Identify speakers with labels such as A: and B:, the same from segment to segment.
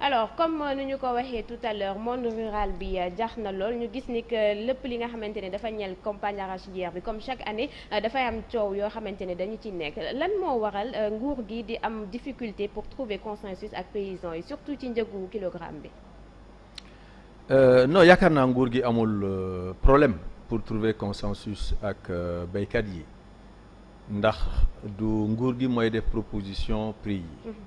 A: alors comme ni ñu ko waxee tout à monde rural bi jax na lool ñu gis ni que lépp li nga xamante ni dafa ñeel campagne arachidière bi comme chaque année euh, dafay am coow yoo xamante ni dañu ci nekk lan moo waral euh, nguur gi di am difficulté pour trouver consensus ak paysans yi surtout ci njëgu kilogramme bi.
B: Euh, no yaakaar naa nguur gi amul problème pour trouver consensus ak béykat yi ndax du nguur gi mooy def proposition prix yi. Mhm.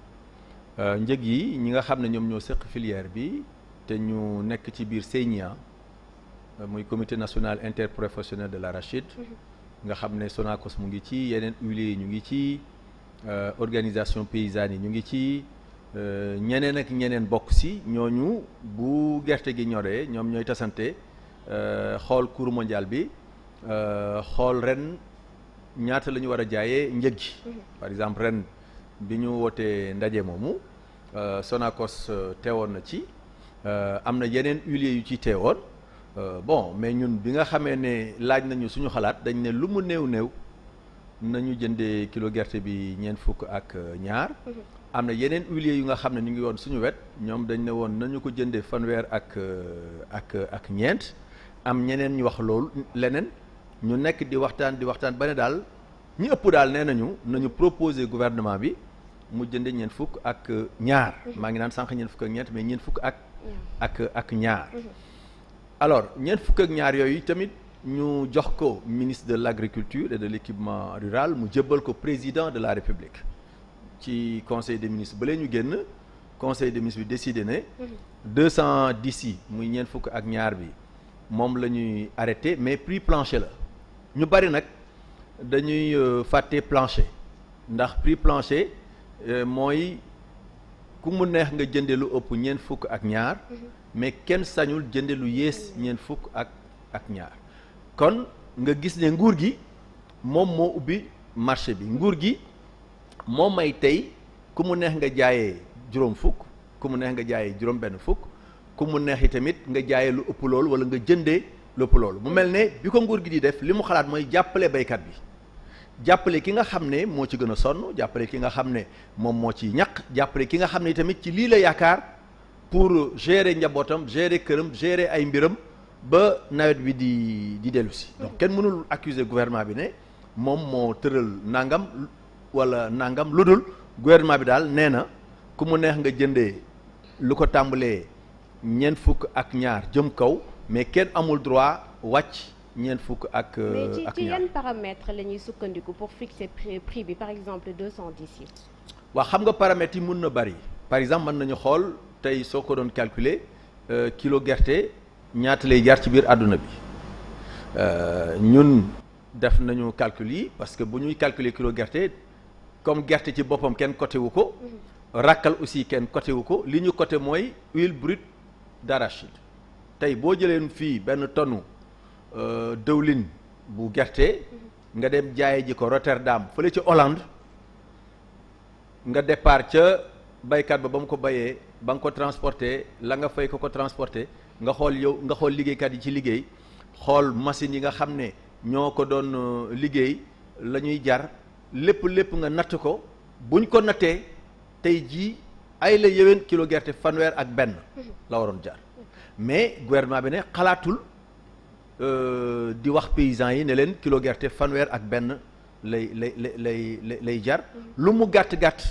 B: Euh, njëg yi ñi nga xam ne ñoom ñoo seq filière bi te ñu nekk ci biir CNIA euh, muy commité national interprofessionnel de la l'arachide mhm. nga xam ne Sonacos mu ngi ci yeneen huiliers ñu ngi ci euh, organisation paysanne yi ñu ngi ci ñeneen ak ñeneen bokk si ñooñu bu gerte gi ñoree ñoom ñooy tasante xool cours mondial bi xool ren ñaata la ñu war a jaayee njëg gi mhm. par exemple ren bi ñu wootee ndaje moomu Euh, Sonacos euh, teewoon na ci euh, am na yeneen huiliers yu ci teewoon bon mais ñun bi nga xamee ne laaj nañu suñu xalaat dañ ne lu mu néew néew nañu jëndee kilo gerte bi ñeent fukk ak ñaar mhm. am na yeneen huiliers yu nga xam ne ñu ngi woon suñu wet ñoom dañ ne woon nañu ko jëndee fanweer ak ak ak ñeent am ñeneen ñu wax loolu leneen ñu nekk di waxtaan di waxtaan ba ne daal ñi ëpp daal nee nañu nañu proposer gouvernement bi mu jënde ñeent fukk ak ñaar mhm. maa ngi naan sànq ñeent fukk ak ñeent mais ñeent fukk ak ak ak ñaar mhm. alors ñeent fukk ak ñaar yooyu tamit ñu jox ko ministre de l'agriculture et de l'équipement rural mu jébbal ko président de la république ci conseil de ministre ba ñu génn conseil de ministres bi décidé ne mhm. deux cent dix yi muy ñeent fukk ak ñaar bi moom la ñuy arrêté mais prix plancher la ñu bari nag dañuy euh, fàtte plancher ndax prix plancher Euh, mooy ku mu neex nga jënde lu ëpp ñeent fukk ak ñaar mhm. mais kenn sañul jënde lu yées ñeent fukk ak ak ñaar kon nga gis ne nguur gi moom moo ubbi marché bi nguur gi moo may tey ku mu neex nga jaayee juróom fukk ku mu neex nga jaayee juróom benn fukk ku mu neex i tamit nga jaaye lu ëpp loolu walla nga jëndee lu ëpp loolu mu mel ne bi ko nguur gi di def li mu xalaat mooy jàppale baykat bi jàppale ki nga xam ne moo ci gën a sonn jàppale ki nga xam ne moom moo ci ñaq jàppale ki nga xam ne tamit ci lii la yaakaar pour gérer njabootam gérer këram gérer ay mbiram ba nawet bi di di dellu si kenn mënul accuser gouvernement bi ne moom moo tëral nangam wala nangam lu dul gouvernement bi daal nee na ku mu neex nga jëndee lu ko tàmbalee ñeent fukk ak ñaar jëm kaw mais kenn amul droit wàcc ñeent fukk ak. Euh, mais ci ci yan
A: paramètres sukkandiku pour fixer prix bi par exemple 210 yi.
B: waaw xam nga paramètres yi mun na bari par exemple mën nañu xool tey soo ko doon calculer euh, kilo gerte ñaata lay jar ci biir àdduna bi euh, ñun def nañu calcul yi parce que bu ñuy calculer kilo gerte comme gerte ci boppam kenn côté wu ko. Mhm. ràkkal aussi kenn côté wu ko li ñu côté mooy huile brute d'arachide tey boo jëleen fii benn tonne. Euh, dëwlin bu gerte nga dem jaaye ji ko Rotterdam fële ca Hollande nga départ ca baykat ba ba mu ko bayee ba nga ko transporté la nga fay ko ko transporté nga xool yow nga xool liggéeykat yi ci liggéey xool machines yi nga xam ne ñoo ko doon euh, liggéey la ñuy jar lépp lépp nga natt ko buñ ko nattee tey ji ay la yéwén kilo gerte fanweer ak benn la waroon jar mais gouvernement bi ne xalaatul Euh, di wax paysans yi ne leen kilo gerte fanweer ak benn lay lay lay jar mhm. lu mu gàtt gàtt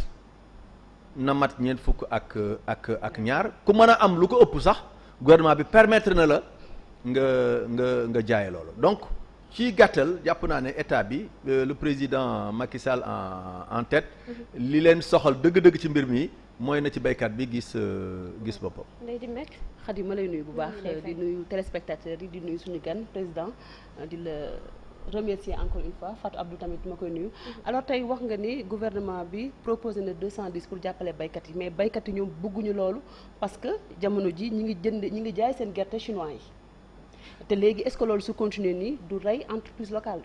B: na mat ñeent fukk ak ak ak ñaar ku mën a am lu ko ëpp sax gouvernement bi permettre na la nga nga nga jaaye loolu donc ci gàttal jàpp naa ne état bi euh, le président Macky Sall en en tête mhm. li leen soxal dëgg-dëgg ci mbir mi mooy na ci béykat bi gis euh, gis boppam.
C: Khady ma lay nuyu bu baax di nuyu téléspectateurs yi di nuyu suñu gan président euh, di la remercier encore une fois Fatou Abdou tamit ma koy nuyu mm-hmm. alors tey wax nga ni gouvernement bi proposé na 210 pour jàppale baykat yi mais baykat yi ñoom bëgguñu loolu parce que jamono ji ñi ngi jënd ñi ngi jaay seen gerte chinois yi te léegi est-ce que loolu su continuer nii du rey entreprise locale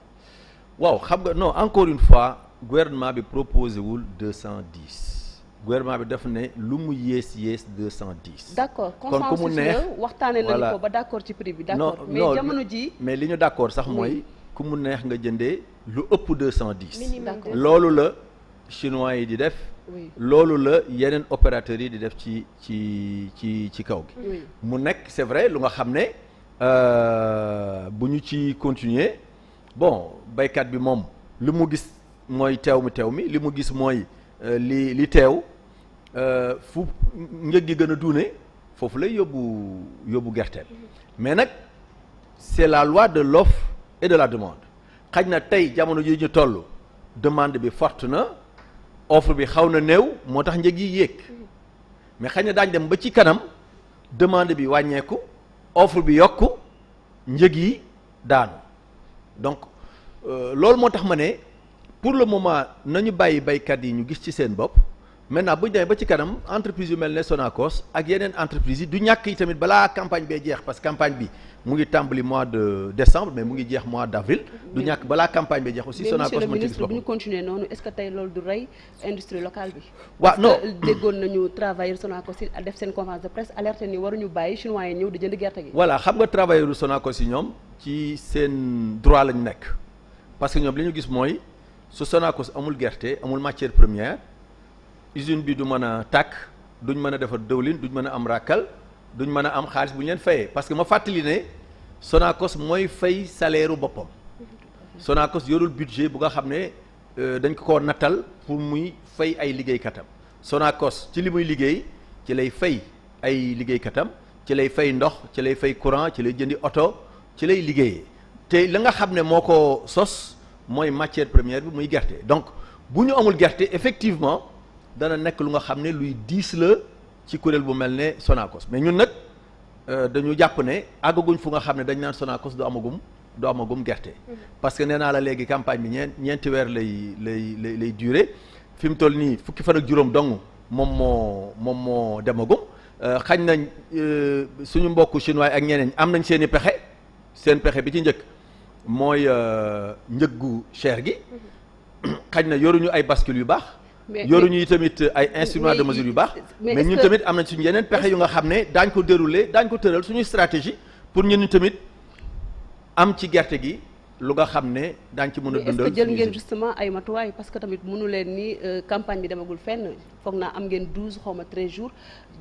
B: waaw xam nga no encore une fois gouvernement bi proposé wul 210 gouvernement bi daf ne lu mu yées yées deux cent dix. d'
C: accord kon ku mu neex waxtaanee nañu ko ba d' accord ci prix bi. d' accord mais jamono ji
B: mais li ñu d' accord sax mooy ku mu neex nga jënde lu ëpp deux cent dix. loolu la chinois yi di def. loolu la yeneen opérateurs yi di def ci ci ci ci kaw gi. mu nekk c' vrai lu nga xam ne euh, bu ñu ci continuer bon baykat bi moom li mu gis mooy teew mi teew mi li mu gis mooy euh, li li teew. Euh, fu njëg yi gën a duune foofu lay yóbbu yóbbu gerteem mais nag c'est la loi de lof et de la demande xaj na tey jamono ji ñu toll demande bi forte na offre bi xaw na néew moo tax njëg yi yéeg mais xaj na daañ dem ba ci kanam demande bi wàññeeku offre bi yokku njëg yi daanu donc euh, loolu moo tax ma ne pour le moment nañu bàyyi baykat yi ñu gis ci seen bopp maintenant bu ñu demee ba ci kanam entreprise yu mel ne Sonacos ak yeneen entreprise yi du ñàkk yi tamit balaa campagne bee jeex parce que campagne bi mu ngi tàmbali mois de décembre mais mu ngi jeex mois d' avril. du ñàkk balaa campagne bee jeex aussi. Sonacos mais monsieur le ministre bu ñu
C: continuer noonu est ce que tey loolu du rey industrie locale bi. waaw non déggoon nañu def seen conférence de presse alerte ni waruñu bàyyi chinois yi ñëw di jënd gerte gi.
B: voilà xam nga travailleur Sonacos yi ñoom ci seen droit lañu nekk parce que ñoom li ñu gis mooy su Sonacos amul gerte amul matière première. usine bi du mën a tàkk duñ mën a defar dëwlin duñ mën a am ràkkal duñ mën a am xaalis bu ñu leen fayee parce que ma fàttali ne sonakos mooy fay salaire boppam sonakos yorul budget bu nga xam ne euh, dañ ko ko nattal pour muy fay ay liggéeykatam sonakos ci li muy liggéey ci lay fay ay liggéeykatam ci lay fay ndox ci lay fay courant ci lay jëndi oto ci lay liggéeyee te li nga xam ne moo ko sos mooy matière première bi muy gerte donc bu ñu amul gerte effectivement dana nekk lu nga xam ne luy diis la ci kuréel bu mel ne sonakos mais ñun nag euh, dañu jàpp ne àggaguñ fu nga xam ne dañ naan sonakos du amagum du amagum gerte. Mhm. parce que nee naa la léegi campagne bi ñeent ñeenti weer lay lay lay lay durer fi mu toll nii fukki fan ak juróom dong moom moo moom moo demagum euh, xañ nañ euh, suñu mbokku chinois ak ñeneen am nañ seen i pexe seen pexe bi ci njëkk mooy njëggu cher gi. Mhm. xañ na yoruñu ay bascule yu baax. yoruñu tamit ay instruments de mesure yu baax mais ñun tamit am nañ suñu yeneen pexe yu nga xam ne daañ ko dérouler daañ ko tëral suñuy stratégie pour ñun ñu tamit am ci gerte gi lu nga xam ne daañ ci mën a dundal jël ngeen
C: justement ay matuwaay parce que tamit munu leen ni euh, campagne bi demagul fenn foog naa am ngeen douze xaw ma treize jours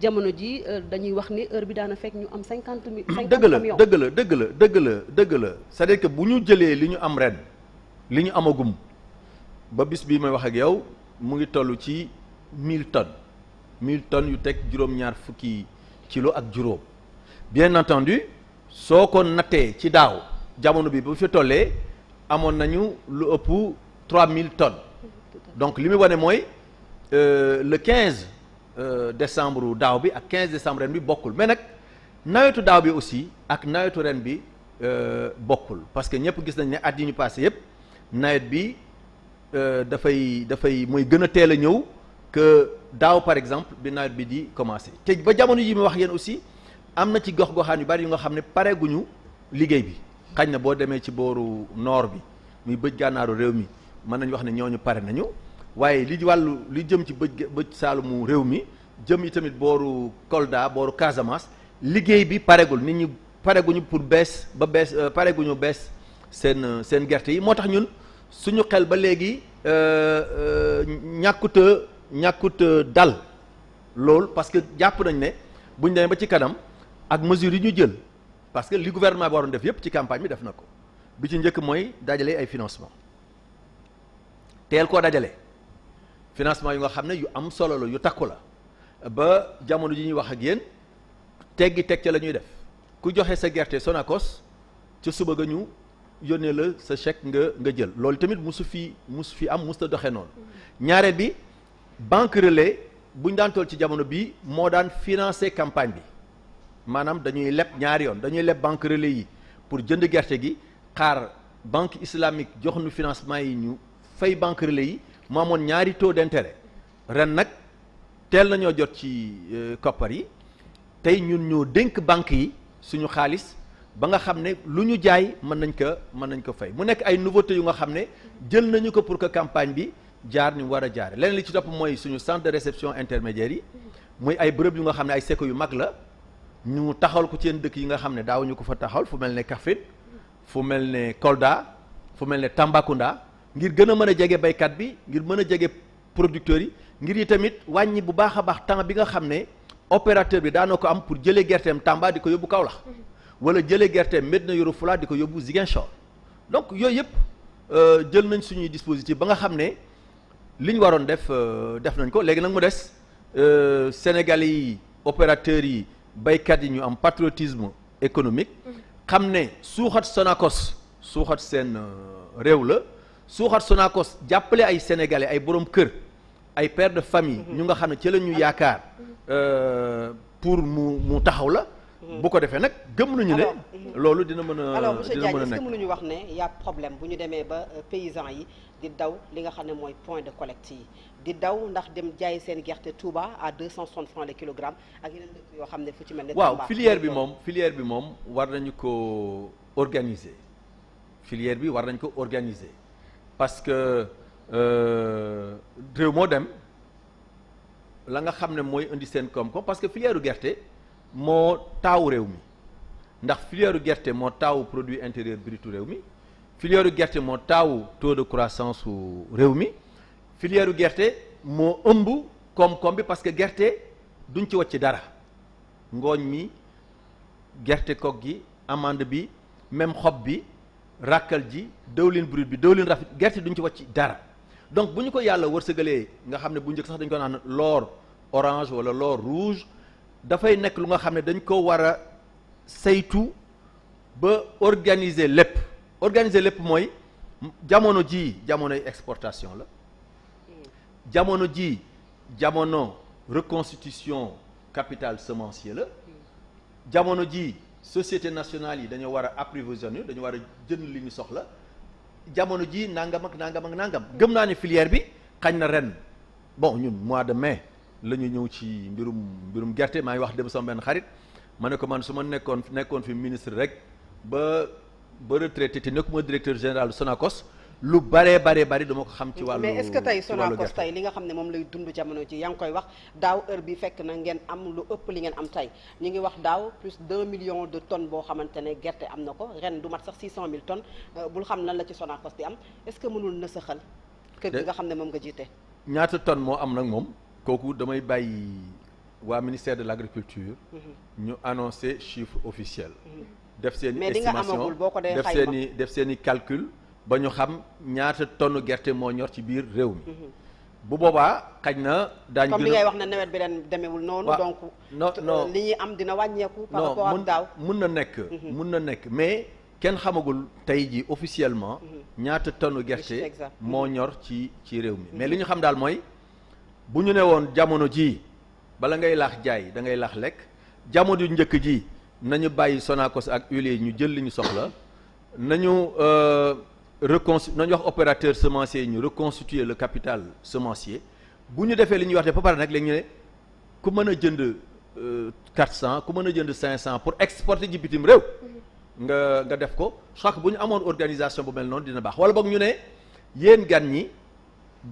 C: jamono ji euh, dañuy wax ni heure bi daana fekk ñu am cinquante mille dëgg la dëgg
B: la dëgg la dëgg la dëgg la c'est-à-dire bu ñu jëlee li ñu am ren li ñu amagum ba bii may wax ak yow mu ngi toll ci mille tonnes mille tonnes yu teg juróom-ñaar fukki kilo ak juróom bien entendu soo ko nattee ci daaw jamono bi bu fi tollee amoon nañu lu ëpp trois mille tonnes donc li muy wane mooy euh, le quinze euh, décembre daaw bi ak quinze décembre ren bi bokkul mais nag nawetu daaw bi aussi ak nawetu ren bi euh, bokkul parce que ñëpp gis nañ ne at yi ñu passé yëpp nawet bi Euh, dafay dafay mooy gën a teel a ñëw que daaw par exemple bi nawet bi di commencé te ba jamono yi mu wax yéen aussi am na ci gox goxaan yu bari yu nga xam ne pareeguñu liggéey bi xañ na boo demee ci booru noor bi muy bëj gànnaaru réew mi mën nañu wax ne ñooñu pare nañu waaye li wàllu li jëm ci bëj bëj saalumu réew mi jëm yi tamit booru Kolda booru Casamance liggéey bi paregul nit ñi pareguñu pour bees ba bees euh, pareguñu bees seen euh, seen gerte yi moo tax ñun suñu xel ba léegi euh, euh, ñàkkut a ñàkkut dal loolu parce que jàpp nañ ne buñ demee ba ci kanam ak mesures yi ñu jël parce que li gouvernement bi waroon def yépp ci campagne bi def na ko bi ci njëkk mooy dajale ay financement teel koo dajale financement yu nga xam ne yu am solo la yu takku la ba jamono ji ñuy wax ak yéen teggi teg ca la ñuy def ku joxe sa gerte Sonacos ca suba ga ñu. yónnee la sa check nga nga jël loolu tamit musu fi musu fi am musta doxee noonu ñaareel bi banque relais buñ daan toll ci jamono bi moo daan financer campagne bi maanaam dañuy leb ñaari yoon dañuy leb banque relais yi pour jënd gerte gi xaar banque islamique jox nu financement yi ñu fay banque relais yi mu amoon ñaari taux d'intérêt ren nag teel nañoo jot ci euh, koppar yi tey ñun ñoo dénk banque yi suñu xaalis ba nga xam ne lu ñu jaay mën nañ ko mën nañ ko fay mu nekk ay nouveautés yu nga xam ne jël nañu ko pour que campagne bi jaar ni war a jaare leneen li ci topp mooy suñu centre de réception intermédiaire yi muy ay bërëb yu nga xam ne ay seko yu mag la ñu taxawal ko ci yenn dëkk yi nga xam ne daawuñu ko fa taxawal fu mel ne Kaffrine fu mel ne Kolda fu mel ne Tambacounda ngir gën a mën a jege baykat bi ngir mën a jege producteurs yi ngir yi tamit wàññi bu baax a baax temps bi nga xam ne opérateur bi daana ko am pour jëlee gerteem Tamba di ko yóbbu Kaolack wala jëlee gerte na Yoro Fula di ko yóbbu Ziguinchor donc yooyu yëpp euh, jël nañ suñuy dispositif ba nga xam ne li ñu waroon def euh, def nañ ko léegi nag mu des euh, Sénégalais yi opérateurs yi baykat yi ñu am patriotisme économique xam ne suuxat Sonacos suuxat seen réew la suuxat Sonacos jàppale ay sénégalais ay borom kër ay pères de famille mhm. ñu nga xam ne ci la ñu yaakaar pour mu mu taxaw la bu ko defee nag gëm nañu ne. Euh, loolu dina mën a alors monsieur Diagne est-ce que mënuñu
D: wax ne y a problème bu ñu demee ba euh, paysan yi di daw li nga xam ne mooy point de collecte yi di daw ndax dem jaay seen gerte Touba à deux cent soixante francs le kilogramme ak yeneen dëkk yoo xam ne fu ci mel ne. waaw filière bi moom
B: filière bi moom war nañu ko organiser filière bi war nañu ko organiser parce que euh, réew moo dem la nga xam ne mooy indi seen koom-koom parce que filière gerte. moo taawu réew mi ndax filière gerte moo taawu produit intérieur brutu réew mi filière gerte moo taawu taux de croissance su réew mi filière gerte moo ëmb koom-koom bi parce que gerte duñ ci ci dara ngooñ mi gerte kook gi amande bi même xob bi ràkkal ji dëwlin brut bi dëwlin rafet gerte duñ ci ci dara donc bu ñu ko yàlla wërsëgalee nga xam ne bu njëkk sax dañ ko naan l'or orange wala l'or rouge dafay nekk lu nga xam ne dañ ko war a saytu ba organiser lépp organiser lépp mooy jamono ji jamonoy exportation la jamono ji jamono reconstitution capital semencier la jamono ji société nationale yi dañoo war a approvisionner dañu war a jënd li ñu soxla jamono ji nangam ak nangam ak nangam gëm naa ne filière bi xañ na ren bon ñun mois de mai la ñu ñëw ci mbirum mbirum gerte maa ngi wax dem sama benn xarit ma ne ko man su ma nekkoon nekkoon fi ministre rek ba ba retraité te nekkuma directeur général Sonacos lu baree baree bari dama ko xam ci wàllu mais est-ce que tey Sonacos tey
D: li nga xam ne moom lay dund jamono ji yaa ngi koy wax daaw heure bi fekk na ngeen am lu ëpp li ngeen am tey ñu ngi wax daaw plus 2 millions de tonnes boo xamante ne gerte am na ko ren du mat sax 600 000 tonnes euh, bul xam lan la ci Sonacos di am est-ce que mënul nësaxal kër gi nga xam ne moom nga jiite
B: ñaata tonnes moo am nag moom kooku damay bàyyi waa ministère de l'agriculture. Mhm. ñu annoncé chiffre officiel. Mhm. def seen i estimation def seen i def seen i calcul ba ñu xam ñaata tonne gerte moo ñor ci biir réew mi. Mhm. bu boobaa kañ na daañu. gën li ngay wax
D: na nawet bi ren noonu. donc
B: non euh, non li
D: ñuy am dina wàññeeku. par rapport
B: mun na nekk. mun na nekk mais kenn xamagul tey ji officiellement. ñaata tonne gerte. moo ñor ci ci réew mi mais li ñu xam daal mooy. bu ñu ne woon jamono jii bala ngay laax jaay da ngay laax lekk jamono ju njëkk ji nañu bàyyi Sonacos ak huile ñu jël li ñu soxla nañu euh, na nañu wax opérateur semencier ñu reconstituer le capital semencier bu ñu defee li ñuy wax de ba pare nag léegi ñu ne ku mën a jënd 400 euh, ku mën a jënd 500 pour exporter ji bitim réew nga nga def ko je crois bu ñu amoon organisation bu mel noonu dina baax wala boog ñu ne yéen gan ñi.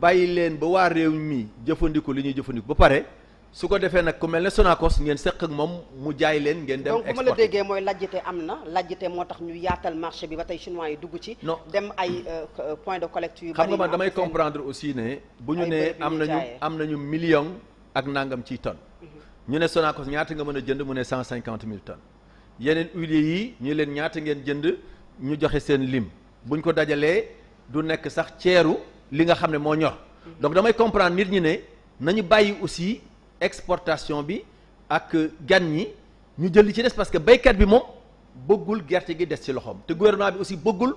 B: bàyyi leen ba waa réew mi jëfandiku li ñuy jëfandiku ba pare su ko defee nag ku mel ne Sonacos ngeen seq ak moom mu jaay leen ngeen dem. exporté
D: donc bu mooy lajjite am na lajjite moo tax ñu yaatal marché bi ba tey chinois yi dugg ci. non dem ay euh, euh, point de collect yu. bari xam nga man damay comprendre
B: aussi ne. bu ñu nee am nañu am nañu million ak nangam ciy tonnes. Mhm. ñu ne Sonacos ñaata nga mën a jënd mu ne cent cinquante mille tonnes yeneen huiliers yi ñu leen ñaata ngeen jënd ñu joxe seen lim buñ ko dajalee du nekk sax ceeru. li nga xam ne moo ñor donc damay comprendre nit ñi ne nañu bàyyi aussi exportation bi ak gan ñi ñu jël li ci des parce que béykat bi moom bëggul gerte gi des ci loxoom te gouvernement bi aussi bëggul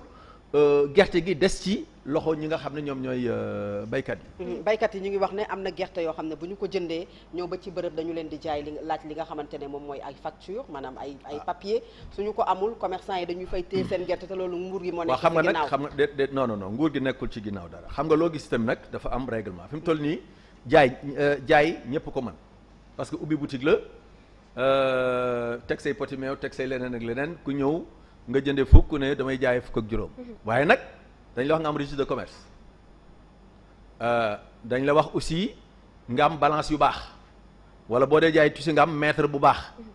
B: Euh, gerte gi des ci loxo ñi nga xam ne ñoom ñooy euh, baykat yi hmm,
D: baykat yi ñu ngi wax ne am na gerte yoo xam ne bu ñu ko jëndee ñëw ba ci bërëb dañu leen di jaay li laaj li nga xamante ne moom mooy ay facture maanaam ay ay ah. papier suñu ko amul commercant yi dañuy fay téye seen hmm. gerte te loolu nguur gi moo nekk xam nga nag xam
B: nga déet déet non non non nguur gi nekkul ci ginnaaw dara xam nga loo gis itam nag dafa am règlement fi mu toll nii jaay euh, jaay ñëpp ko mën parce que ubbi boutique la teg say poti meew teg say leneen ak leneen ku ñëw nga jëndee fukk ne damay jaay fukk ak juróom mhm. waaye nag dañ la wax nga am registre de commerce euh, dañ la wax aussi nga am balance yu baax wala boo dee jaay tusi nga am mètre bu baax mhm.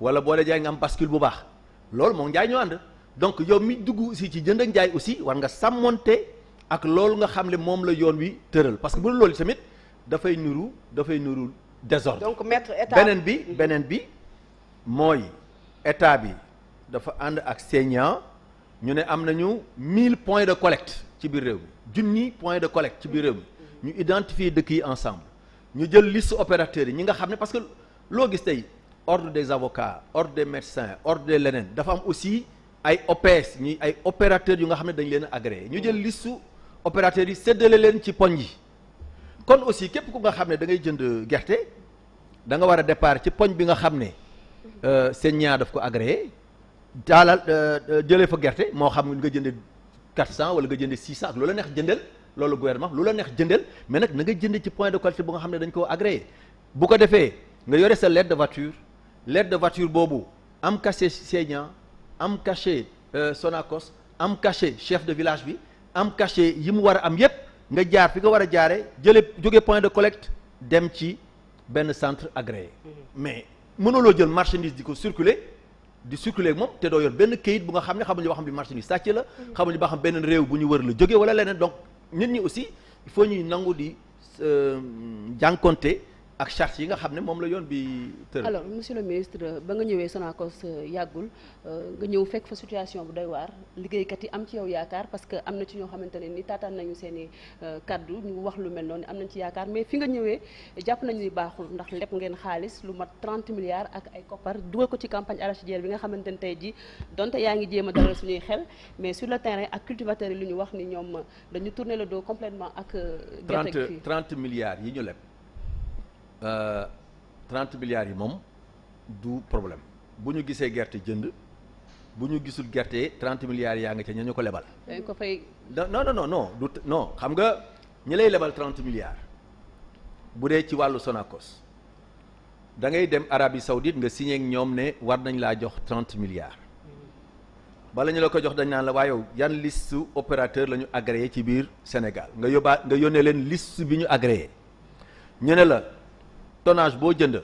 B: wala boo dee jaay nga am bu baax loolu moom jaay ñoo ànd donc yow mi dugg aussi ci jënd ak jaay aussi war nga sàmmoonte ak loolu nga xam ne moom la yoon wi tëral parce que bu loolu tamit dafay nuru dafay nuru désordre donc
D: maître état beneen bi
B: beneen bi mooy état bi dafa ànd ak seignant ñu ne am nañu mille points de collecte ci biir réew mi junni points de collecte ci biir réew mi ñu identifier dëkk yi ensemble ñu jël liste opérateurs yi ñi nga xam ne parce que loo gis tey ordre des avocats ordre des médecins ordre des leneen dafa am aussi ay OPS ñuy ay opérateurs yi nga xam ne dañ leen a ñu jël liste opérateurs yi séddale leen ci poñ yi kon aussi képp ku nga xam ne da ngay jënd gerte da nga war a départ ci poñ bi nga xam ne euh, seen ñaa daf ko agréé daalal euh, euh, jëlee fa gerte moo xam nga jënde 400 wala nga jënde 600 ak lu la neex jëndeel loolu gouvernement lu la neex jëndeel mais nag na nga jënd ci point de qualité bu nga xam ne dañ koo agréé bu ko defee nga yore sa lettre de voiture lettre de voiture boobu am cachet Sénian am cachet euh, Sonacos am cachet chef de village bi am cachet yi mu war a am yépp nga jaar fi nga war a jaare jële jóge point de collecte dem ci benn centre agréé mm-hmm. mais jël marchandise di di circuler ak moom te doo yor benn kayit bu nga xam ne xamuñu ba xam ne marchandise sàcc la xamuñu ba xam benn réew bu ñu wër la jóge wala leneen donc nit ñi aussi il faut ñuy nangu di euh, jànkonte ak charge yi nga xam ne moom la yoon bi tëral. alors
C: monsieur le ministre ba nga ñëwee Sonacos euh, yàggul euh, nga ñëw fekk fa situation bu doy waar liggéeykat yi am ci yow yaakaar parce que am na ci ñoo xamante ne ni taataan nañu seen i euh, kaddu ñu wax lu mel noonu am nañ ci yaakaar mais fi nga ñëwee jàpp nañu ni baaxul ndax lépp ngeen xaalis lu mat 30 milliards ak ay koppar dugal ko ci campagne arachidière bi nga xamante ne tey jii donte yaa ngi jéem a suñuy xel mais sur le terrain ak cultivateurs yi lu ñu wax ni ñoom dañu tourner le dos ak. gerte gi
B: 30 30 milliards Euh, trent milliards yi moom du problème bu ñu gisee gerte jënd bu ñu gisul gerte 30 milliards yaa ngi ca ña ñu ko lebal. dañ ko fay. non non non non du non xam nga ñu lay lebal 30 milliards bu dee ci wàllu Sonacos da ngay dem Arabie Saoudite nga signé ñoom ne war nañ laa jox 30 milliards. bala ñu la ko jox dañ naan la waaye yan liste opérateur la ñu agréé ci biir Sénégal nga yóbbaa nga yónnee leen liste bi ñu agréé ñu la. tonage boo jënd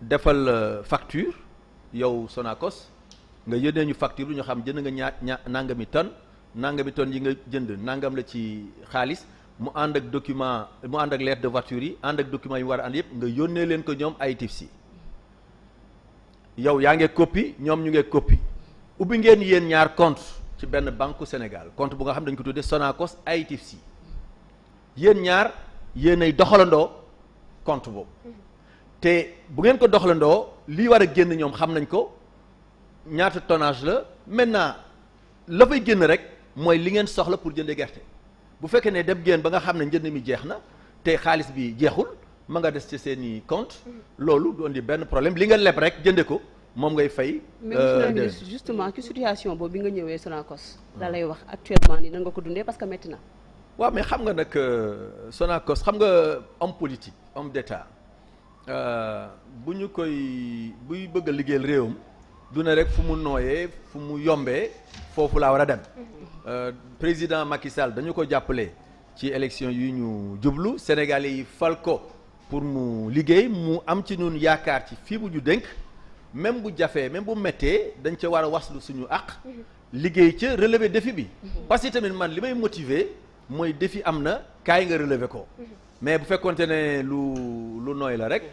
B: defal euh, facture yow Sonacos nga yónnee ñu facture bi ñu xam jënd nga ñaar ña nangami tonne nangami tonne yi nga jënd nangam la ci xaalis mu ànd ak document mu ànd ak lettre de voiture yi ànd ak document yi mu war a ànd yépp nga yónnee leen ko ñoom ay tips yow yaa ngi copie ñoom ñu ngi copie ubbi ngeen yéen ñaar compte ci benn banque Sénégal compte bu nga xam dañ ko tuddee Sonacos ay tips yi yéen ñaar yéen ay doxalandoo. compte boobu te bu ngeen ko doxlandoo lii war a génn ñoom xam nañ ko ñaata tonnage la maintenant la fay génn rek mooy li ngeen soxla pour jënde gerte bu fekkee ne dem ngeen ba nga xam ne njënd mi jeex na te xaalis bi jeexul ma nga des ci seen i compte loolu doon indi benn problème li nga leb rek jënde ko moom ngay fay. mais monsieur le euh, ministre
C: justement ci situation boobu bi nga ñëwee Sonacos. la lay wax actuellement nii na nga ko dundee parce que métti na.
B: waaw mais xam nga nag euh, Sonacos xam nga homme politique homme d'État euh, bu ñu koy buy bëgg a liggéeyal réewam du ne rek fu mu nooyee fu mu yombee foofu laa war a dem mm-hmm. euh, président Macky Sall dañu ko jàppale ci élection yi ñu jublu Sénégalais yi fal ko pour mu liggéey mu am ci ñun yaakaar ci fii bu ñu dénk même bu jafee même bu méttee dañ ca war a waslu suñu àq mm-hmm. liggéey ca relever défi bi mm-hmm. parce que tamit man li may motiver mooy défi am na kaay nga relever ko mais bu fekkonte ne lu lu nooy la rek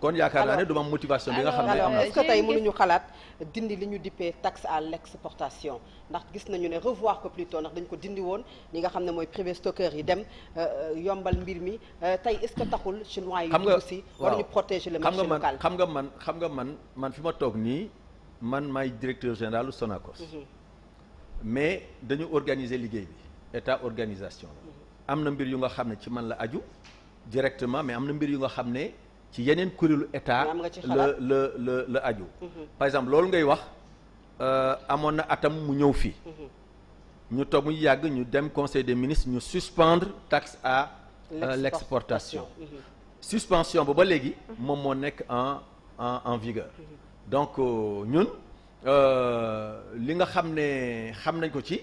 B: kon yaakaar naa ne du ma motivation bi nga xam ne am na est-ce que tey mënuñu
D: xalaat dindi li ñu dippee taxe à l'exportation ndax gis nañu ne revoir ko plutôt ndax dañ ko dindi woon li nga xam ne mooy privé stockeur yi dem euh, euh, yombal mbir mi euh, tey est-ce que taxul chinois yi xam nga aussi war ñu protéger le marché local
B: xam nga man xam nga man man fi ma toog nii man maay directeur général Sonacos mhm. mais dañu organiser liggéey bi état organisation la mm-hmm. am na mbir yu nga xam ne ci man la aju directement mais am na mbir yu nga xam ne ci yeneen kuréelu état la la la la aju mm-hmm. par exemple loolu ngay wax euh, amoon na atam mu ñëw fii mm-hmm. ñu toog mu yàgg ñu dem conseil des ministres ñu suspendre taxe à euh, l'exportation suspension ba ba léegi moom moo nekk en en en vigueur donc euh, ñun li nga xam ne xam nañ ko ci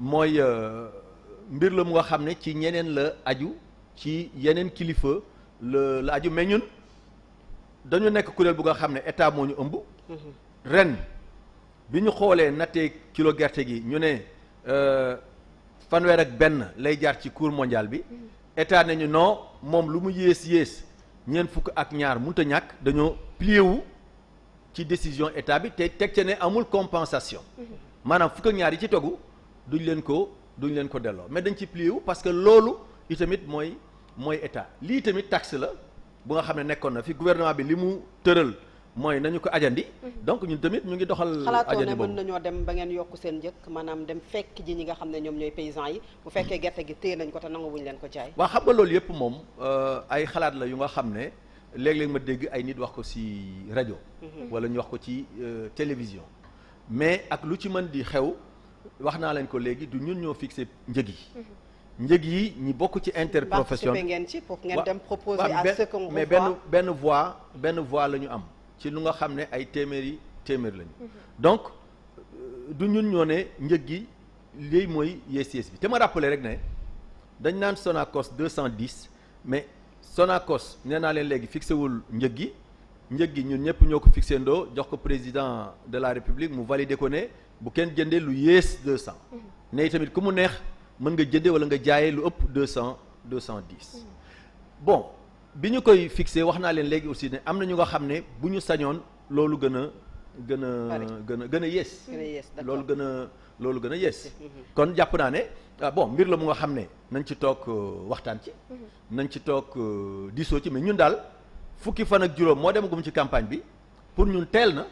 B: mooy euh, mbir la mu nga xam ne ci ñeneen la aju ci yeneen kilifa la la aju mais dañu nekk kuréel bu nga xam ne état moo ñu ëmb. Mm-hmm. ren bi ñu xoolee nattee kilo gerte gi ñu ne euh, fanweer ak benn lay jaar ci cours mondial bi mm-hmm. état nañu non moom lu mu yées yées ñeent fukk ak ñaar mënut ñàkk dañoo plié wu ci décision état bi te teg ca ne amul compensation mm-hmm. maanaam fukk ak ñaar yi ci togu duñ leen ko duñ leen ko delloo mais dañ ci plié wu parce que loolu itamit mooy mooy état lii tamit taxe la bu nga xam ne nekkoon na fi gouvernement bi li mu tëral mooy nañu ko ajandi mhm. donc ñun tamit ñu ngi doxal ajandi boobu xalaatoo
D: nañoo dem ba ngeen yokk seen njëkk maanaam dem fekk ji ñi nga xam ne ñoom ñooy paysan yi bu fekkee gerte gi téye nañ ko te nanguwuñ leen ko jaay
B: waaw xam nga loolu yëpp moom euh, ay xalaat la yu nga xam ne léeg-léeg ma dégg ay nit wax ko ci rajo mhm. wala ñu wax ko ci euh, télévision mais ak lu ci mën di xew wax naa leen ko léegi du ñun ñoo fixé njëg yi. njëg yi ñi bokk ci interprofession ngeen
D: ci pour ngeen dem proposer à ce mais benn
B: benn voix benn voix la ñu am ci lu nga xam ne ay téeméeri téeméeri lañu. Mhm. donc euh, du ñun ñoo ne njëg yi lii mooy yees bi te ma rappelé rek ne dañ naan Sonacos 210 mais Sonacos nee naa leen léegi fixé wul njëg yi njëg gi ñun ñëpp ñoo ko fixé ndoo jox ko président de la république mu validé ko ne bu kenn jëndee lu yées deux cent tamit ku mu neex mën nga jëndee wala nga jaaye lu ëpp deux cent deux cent dix bon bi ñu koy fixé wax naa leen léegi aussi ne am na ñu nga xam ne bu ñu sañoon loolu gën a gën a gën a gën a yées loolu gën a loolu gën a yées mhm. kon jàpp naa ne ah bon mbir la mu nga xam ne nañ ci toog euh, waxtaan ci mhm. nañ ci toog euh, diisoo ci mais ñun daal fukki fan ak juróom moo demagum ci campagne bi pour ñun teel na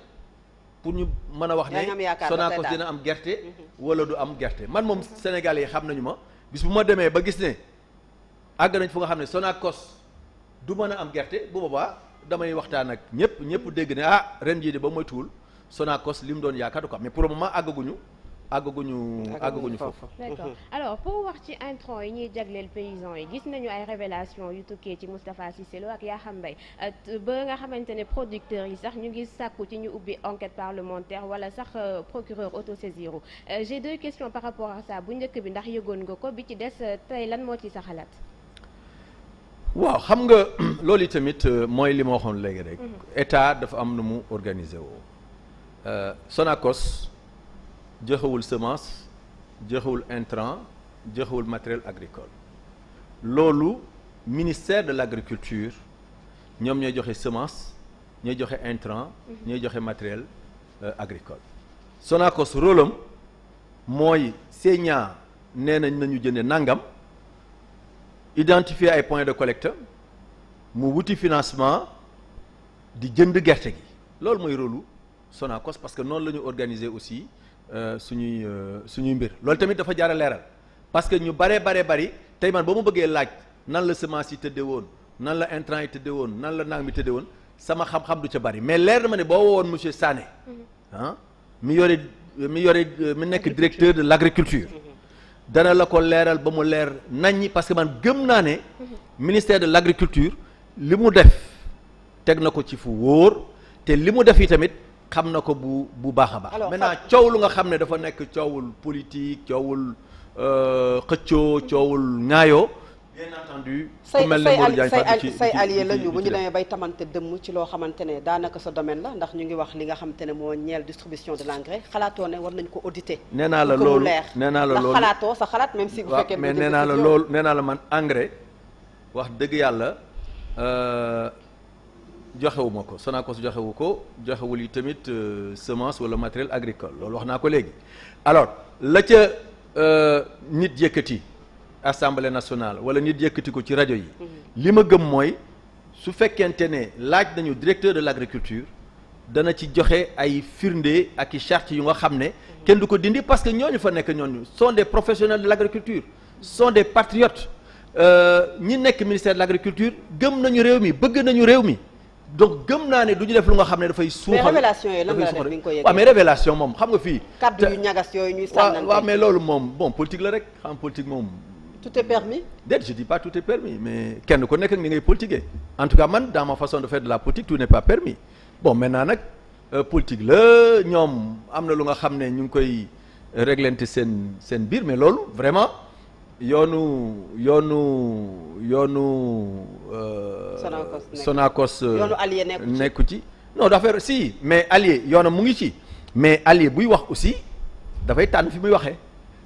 B: pour ñu mën a wax ne Sonacos dina am gerte mhm. wala du am gerte man moom Sénégalais yi xam nañu ma bis bu ma demee ba gis ne àgg nañ fu nga xam ne Sonacos du mën a am gerte bu boobaa damay waxtaan ak ñëpp ñëpp dégg ne ah ren jii ba ba moytuwul Sonacos li mu doon yaakaar du ko am mais pour le moment àggaguñu àggaguñu àggaguñu foofu. d'accord mhm.
A: alors pour wax ci intrant yi ñuy jagleel paysans yi gis nañu ay révélation yu tukkee ci Moustapha Cissé Lo ak Yakham Mbaye euh, ba nga xamante ne producteurs yi sax ñu ngi sàkku ci ñu ubbi enquête parlementaire wala sax euh, procureur auto autosaisiru euh, j'ai deux questions par rapport à ça bu njëkk bi ndax yëgoon nga ko bi ci des tey lan moo ci sa xalaat.
B: waaw xam nga loolu yi tamit mooy li ma waxoon léegi rek. Mhm. état dafa am nu mu organiser woo. joxewul semence joxewul intrant joxewul matériel agricole loolu ministère de l'agriculture ñoom ñooy joxe semence ñooy joxe intrant ñooy joxe matériel euh, agricole Sonacos rôle mooy seeñaa nee nañ nañu jënde nangam identifie ay points de collecte mu wuti financement di jënd gerte gi loolu mooy rôle Sonacos parce que noonu la ñu organiser aussi Euh, suñuy euh, suñuy mbir loolu tamit dafa jar a leeral parce que ñu baree baree bari tey man ba mu bëggee laaj nan la semence yi tëddee woon nan la intrant yi tëddee woon nan la naag mi tëddee woon sama xam-xam du ca bari mais leer na ma ne boo wowoon monsieur Sané mhm. ah mi yore mi yore euh, mi nekk directeur de l'agriculture mhm. dana la ko leeral ba mu leer nañ naññi parce que man gëm naa ne mhm. ministère de l'agriculture li mu def teg na ko ci fu wóor te li mu def yi tamit xam na ko bu bu baax a baax. maintenant coow lu nga xam ne dafa nekk coowul politique coowul euh, xëccoo coowul ŋaayoo. bien entendu ku mel ne Modou Diagne Fatick say allié la ñu bu ñu demee
D: bay tamante dëmm ci loo xamante ne daanaka sa domaine la ndax ñu ngi wax li nga xamante ne moo ñeel distribution de l'engrais xalaatoo ne war nañ ko auditer. nee naa la loolu
B: nee naa la loolu ndax xalaatoo
D: sa xalaat même si. bu fekkee mais nee naa la loolu
B: nee naa la man engrais wax dëgg yàlla. Euh, joxewuma ko Sonacos joxewu ko joxewul yi tamit euh, semence wala matériel agricole loolu wax naa ko léegi alors la ca euh, nit yëkkati assemblée nationale wala nit yëkkati ko ci rajo yi mhm. li ma gëm mooy su fekkente ne laaj nañu directeur de l'agriculture dana ci joxe ay firnde ak i charte yu nga xam ne mhm. kenn du ko dindi parce que ñooñu fa nekk ñooñu sont des professionnels de l'agriculture sont des patriotes euh, ñi nekk ministère de l'agriculture gëm nañu réew mi bëgg nañu réew mi donc gëm naa ne du ñu def lu nga xam ne dafay suuxal mais révélation yooyu lan nga def bi nga ko révélation moom xam nga fii.
D: kaddu yu loolu
B: moom bon politique la rek xam politique moom.
D: tout est permis.
B: déet je dis pas permis mais kenn ku nekk ni ngay politiquer en tout cas man dans ma façon la politique tout n'est pas permis bon maintenant nag euh, politique la ñoom am na lu nga xam ne ñu ngi koy réglante seen seen biir mais loolu vraiment. yoonu yoonu yoonu. Euh, Sonacos Sonacos euh, nekku ci non dafa si mais allié yoonam mu ngi ci mais allié buy wax aussi dafay tànn fi muy waxee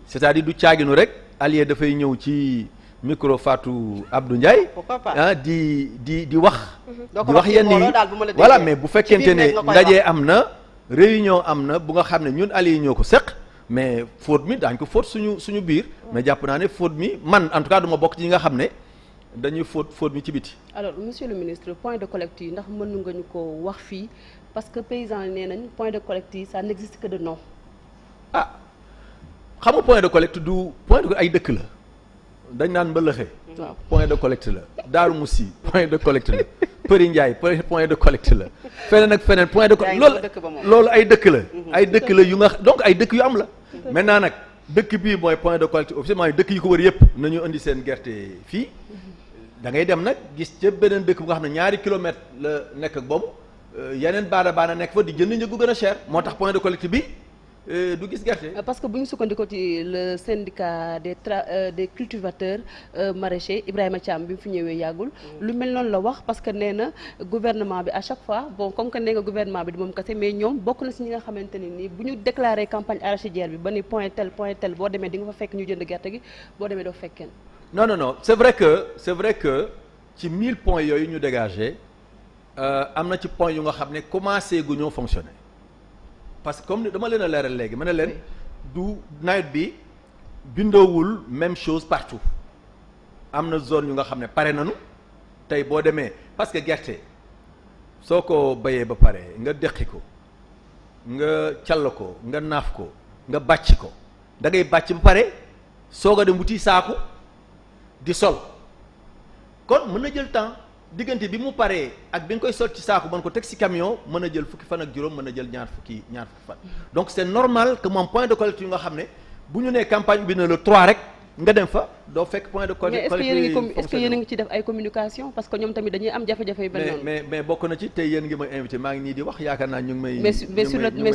B: c'est-à-dire du caaginu rek allié dafay ñëw ci micro Fatou Abdou Ndiaye. ah di di di wax. Mhm. di wax yenn yi voilà mais bu fekkente ne ndaje am na réunion am na bu nga xam ne ñun allié ñoo ko seq. mais fóot mi daañ ko fóot suñu suñu biir mais jàpp naa ne fóot mi man en tout cas duma bokk ci nga xam ne dañuy fóot fóot mi ci biti
C: alors monsieur le ministre point de collecte yi ndax mën nga ñu ko wax fii parce que paysans yi nee nañ point de collecte yi ça n'existe que de nom ah
B: xam nga point de collecte du point de ay dëkk la dañ naan mbëlëxe point de collecte la Daaru Musi de collecte la Përi Njaay point de collecte la feneen ak feneen point de collecte loolu loolu ay dëkk la mhm. ay dëkk la yu nga donc ay dëkk yu am la maintenant nag dëkk bii mooy point de collecte officiellement yu dëkk yi ko war yëpp nañu indi seen gerte fii mhm. da ngay dem nag gis ca beneen dëkk bu nga xam ne ñaari kilomètre la nekk ak boobu euh, yeneen baana baana nekk fa di jënd njëgu gën a cher moo tax point de collecte bi Euh, du gis gerte. Euh,
C: parce que bu ñu sukkandikoo ci le syndicat des tra euh, des cultivateurs maraîchers Ibrahima Thiam bi mu fi ñëwee yàggul. Mm. lu mel noonu la wax parce que nee na gouvernement bi à chaque fois bon comme que nee nga bi du moom kese mais ñoom bokk na si ñi nga xamante ne nii bu ñu déclaré campagne arachidière bi ba ni point tel point tel boo demee di nga fa fekk ñu jënd gerte gi boo demee doo fekkeen
B: non non non c'est vrai que c'est vrai que ci 1000 points yooyu ñu dégagé am na ci point yu nga xam ne commencé gu ñoo parce que comme dama leen a leeral léegi ma ne leen du nawet bi bindoowul même chose partout am na zone yu nga xam ne pare nañu tey boo demee parce que gerte soo ko bayee ba pare nga deqi ko nga call ko nga naaf ko nga bàcc ko da ngay bàcc ba pare soog a dem wuti saaku di sol kon mën na jël temps diggante bi mu paree ak bi nga koy sol ci saako mën ko teg ci camion mën a jël fukki fan ak juróom mën a jël ñaar fukki ñaar fukki fan. Mm-hmm. donc c'est normal que moom point de collecte yu nga xam ne bu ñu nee campagne bi ne le 3 rek nga dem fa doo fekk point de collecte. mais
C: est-ce ci def ay communication parce que ñoom tamit dañuy am jafe-jafe yu mel noonu.
B: mais mais bokk na ci tey yéen ngi may invité maa ngi nii di wax yaakaar naa ñu ngi may. mais mais sur la mais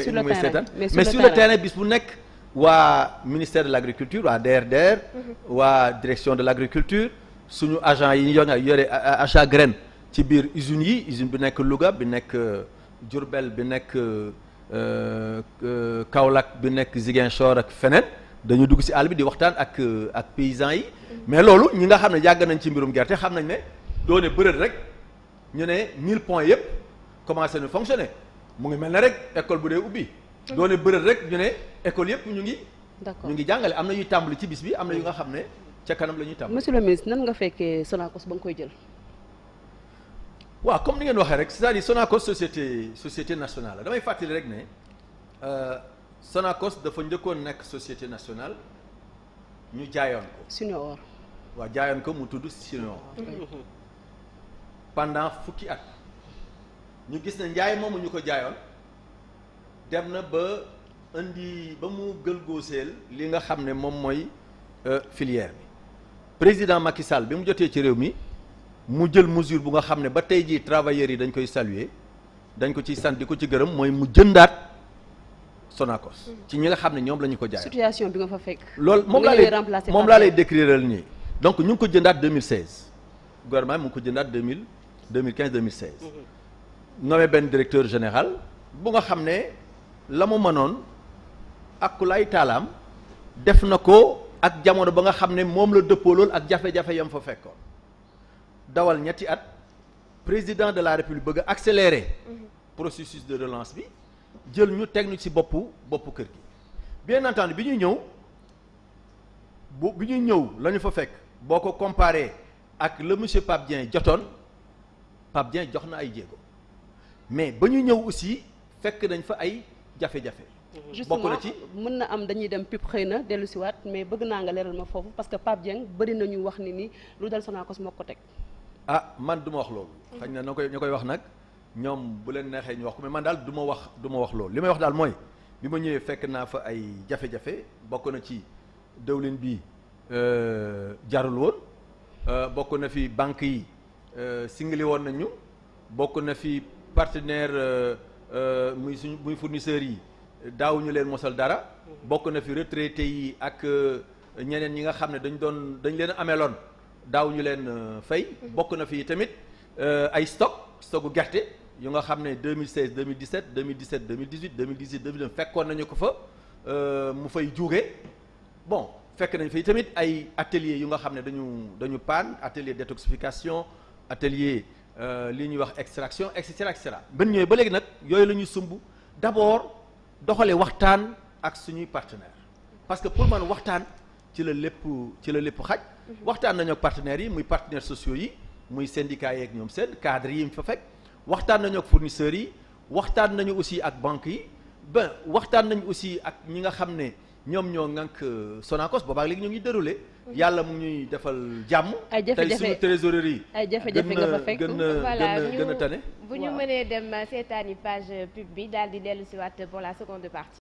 B: sur le terrain bis bu nekk. waa ministère de l'agriculture waa DRDR. Mm-hmm. waa direction suñu agent yi ñu yore yore achat graine ci biir usines yi usine bi nekk Louga bi nekk jurbel euh, bi nekk euh, euh, Kaolack bi nekk Ziguinchor ak feneen dañu dugg si àll bi di waxtaan ak ak paysans yi mais loolu ñi nga xam ne yàgg nañ ci mbirum gerte xam nañ ne doone bërët rek ñu ne 1000 points yëpp commencé na fonctionner mu ngi mel ne rek école bu dee ubbi mm. doone bërët rek ñu ne école yëpp ñu ngi ñu ngi jàngale am na yuy tàmbali ci bis bi am na yu nga xam ne ca kanam la ñuy tàmm.
C: monsieur le ministre nan nga fekkee Sonacos ba nga koy jël.
B: waaw comme ni ngeen waxee rek c'est-à-dire Sonacos société société nationale damay fàttali rek ne euh, Sonacos dafa njëkkoon nekk société nationale ñu jaayoon ko. waa jaayoon ko mu tudd Suneor. pendant fukki at ñu gis ne njaay moomu ñu ko jaayoon dem na ba indi ba mu gël góoseel li nga xam ne moom mooy euh, filière bi. président Macky Sall bi mu jotee ci réew mi mu jël mesure bu nga xam ne ba tey jii travailleurs yi dañ koy saluer dañ ko ciy sant di ko ci gërëm mooy mu jëndaat Sonacos. ci ñi nga xam ne ñoom la ñu ko jaay.
C: situation bi nga fa fekk. loolu moom laa lay moom laa lay
B: décrire nii. donc ñu ngi ko jëndaat 2016 gouvernement mu ngi ko jëndaat 2000 2015 2016. nommé benn directeur général bu nga xam ne la mu mënoon ak ku lay taalaam def na ko. ak jamono ba nga xam ne moom la dëppoo lool ak jafe-jafe yam fa fekkoon dawal ñetti at président de la république bëgg a accélérer processus de relance bi jël ñu teg ñu ci boppu boppu kër gi bien entendu bi ñuy ñëw bu bi ñuy ñëw lañu fa fekk boo ko comparé ak le monsieur Pape Dieng jotoon Pape Dieng jox na ay jéego mais ba ñu ñëw aussi fekk nañ fa ay jafe-jafe bokk na ci
C: mën na am dañuy dem pip xëy na dellu siwaat mais bëgg naa nga leeral ma foofu parce que Pape Dieng bëri nañu wax ni ni lu dal Sonacos moo ko teg
B: ah man du ma wax loolu xañ na ña koy ña koy wax nag ñoom bu leen neexee ñu wax ko mais man daal duma wax du ma wax loolu li may wax daal mooy bi ma ñëwee fekk naa fa ay jafe-jafe bokk na ci dëwlin bi euh, jarul woon euh, bokk na fi banque yi euh, singili woon nañu bokk na fi partenaire muy suñu muy fournisseurs yi daawuñu leen mosal dara bokk na fi retraité yi ak euh, ñeneen ñi nga xam ne dañ doon dañ leen ameloon daawuñu leen euh, fay bokk na fi tamit euh, ay stock stocku gerte yu nga xam ne 2016 2017 2017 2018 2018 2019 fekkoon nañu ko fa mu fay jóge bon fekk nañ fi tamit ay atelier yu nga xam ne dañu dañu paan atelier détoxification atelier li ñuy wax extraction et cetera et ban ñooy ba léegi nag yooyu la ñuy sumb d'abord doxale waxtaan ak suñuy partenaire parce que pour man waxtaan ci la lépp ci la lépp xaj waxtaan nañu ak partenaires yi muy partenaires sociaux yi muy syndicats yeeg ñoom seen cadres yi mu fa fekk waxtaan nañu ak fournisseurs yi waxtaan nañu aussi ak banque yi ba waxtaan nañu aussi ak ñi nga xam ne ñoom ñoo ŋànk Sonacos boobaak léegi ñu ngi déroulé. Mhm. yàlla mu ñuy defal jàmm. ay jafe-jafe tey
A: ay jafe-jafe nga fa gën a gën a gën tane. bu ñu mënee dem seetaani page pub bi daal di dellu si waat pour la seconde partie.